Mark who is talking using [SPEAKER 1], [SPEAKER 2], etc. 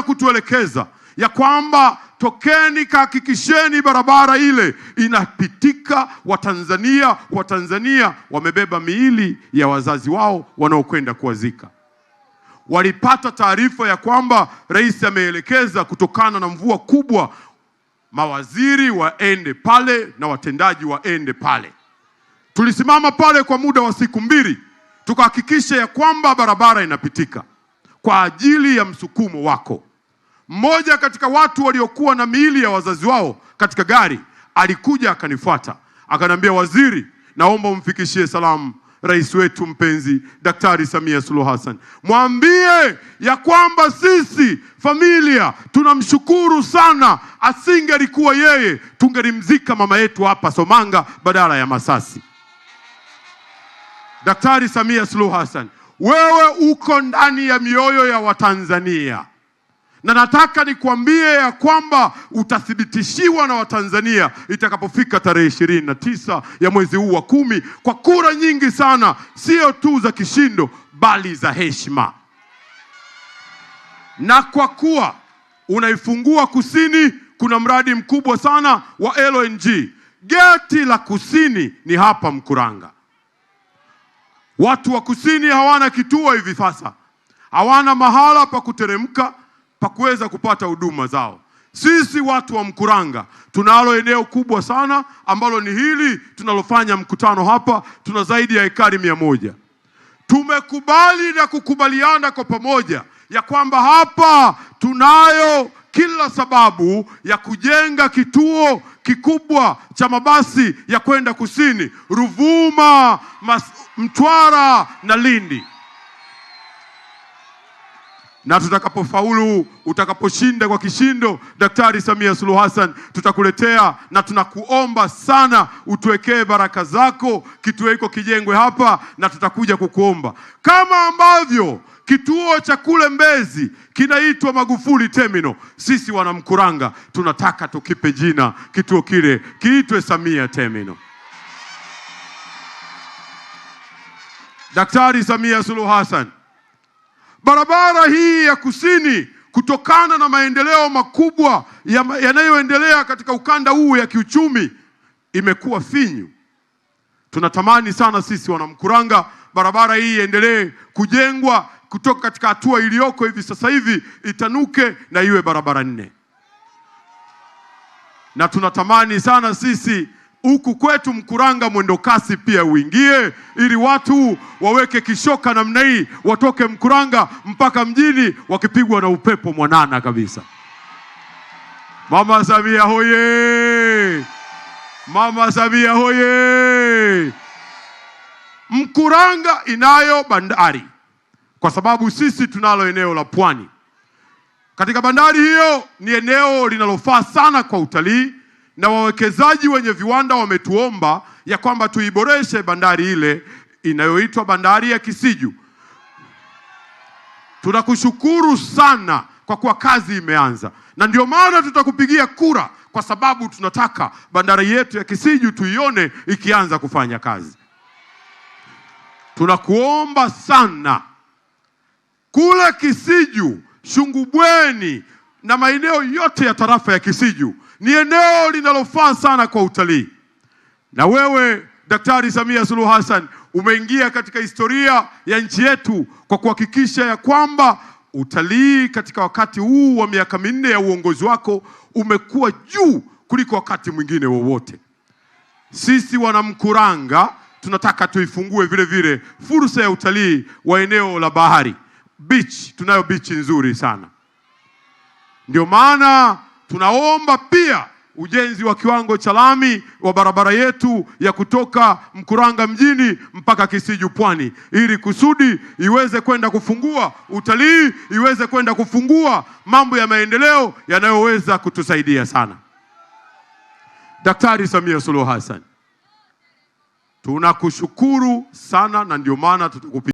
[SPEAKER 1] anaanza kutuelekeza ya kwamba tokeni, kahakikisheni barabara ile inapitika, Watanzania Watanzania wamebeba miili ya wazazi wao wanaokwenda kuwazika. Walipata taarifa ya kwamba rais ameelekeza kutokana na mvua kubwa, mawaziri waende pale na watendaji waende pale. Tulisimama pale kwa muda wa siku mbili tukahakikisha ya kwamba barabara inapitika kwa ajili ya msukumo wako. Mmoja katika watu waliokuwa na miili ya wazazi wao katika gari alikuja akanifuata, akaniambia, waziri, naomba umfikishie salamu rais wetu mpenzi Daktari Samia Suluhu Hassan, mwambie ya kwamba sisi familia tunamshukuru sana. alikuwa yeye, tungelimzika mama yetu hapa Somanga badala ya Masasi. Daktari Samia Suluhu Hassan, wewe uko ndani ya mioyo ya Watanzania na nataka nikuambie ya kwamba utathibitishiwa na Watanzania itakapofika tarehe ishirini na tisa ya mwezi huu wa kumi kwa kura nyingi sana, sio tu za kishindo, bali za heshima. Na kwa kuwa unaifungua kusini, kuna mradi mkubwa sana wa LNG. Geti la kusini ni hapa Mkuranga. Watu wa kusini hawana kituo hivi sasa, hawana mahala pa kuteremka pa kuweza kupata huduma zao. Sisi watu wa Mkuranga tunalo eneo kubwa sana ambalo ni hili tunalofanya mkutano hapa, tuna zaidi ya ekari mia moja. Tumekubali na kukubaliana kwa pamoja ya kwamba hapa tunayo kila sababu ya kujenga kituo kikubwa cha mabasi ya kwenda kusini, Ruvuma, Mas, Mtwara na Lindi na tutakapofaulu, utakaposhinda kwa kishindo, Daktari Samia Suluhu Hassan, tutakuletea na tunakuomba sana utuwekee baraka zako, kituo hiko kijengwe hapa, na tutakuja kukuomba kama ambavyo kituo cha kule Mbezi kinaitwa Magufuli Terminal. Sisi wanamkuranga tunataka tukipe jina kituo kile kiitwe Samia Terminal. Daktari Samia Suluhu Hassan Barabara hii ya kusini kutokana na maendeleo makubwa yanayoendelea katika ukanda huu ya kiuchumi imekuwa finyu. Tunatamani sana sisi wanamkuranga barabara hii iendelee kujengwa kutoka katika hatua iliyoko hivi sasa hivi itanuke na iwe barabara nne, na tunatamani sana sisi huku kwetu Mkuranga mwendokasi pia uingie, ili watu waweke kishoka namna hii, watoke Mkuranga mpaka mjini wakipigwa na upepo mwanana kabisa. Mama Samia hoye! Mama Samia hoye! Mkuranga inayo bandari kwa sababu sisi tunalo eneo la pwani. Katika bandari hiyo, ni eneo linalofaa sana kwa utalii na wawekezaji wenye viwanda wametuomba ya kwamba tuiboreshe bandari ile inayoitwa bandari ya Kisiju. Tunakushukuru sana kwa kuwa kazi imeanza, na ndio maana tutakupigia kura, kwa sababu tunataka bandari yetu ya Kisiju tuione ikianza kufanya kazi. Tunakuomba sana kule Kisiju, Shungubweni na maeneo yote ya tarafa ya Kisiju ni eneo linalofaa sana kwa utalii. Na wewe Daktari Samia Suluhu Hassan umeingia katika historia ya nchi yetu kwa kuhakikisha ya kwamba utalii katika wakati huu wa miaka minne ya uongozi wako umekuwa juu kuliko wakati mwingine wowote. Sisi wanamkuranga tunataka tuifungue vile vile fursa ya utalii wa eneo la bahari beach. Tunayo beach nzuri sana. Ndio maana tunaomba pia ujenzi wa kiwango cha lami wa barabara yetu ya kutoka Mkuranga mjini mpaka Kisiju Pwani, ili kusudi iweze kwenda kufungua utalii, iweze kwenda kufungua mambo ya maendeleo yanayoweza kutusaidia sana. Daktari Samia Suluhu Hassan, tunakushukuru sana na ndio maana tutakupa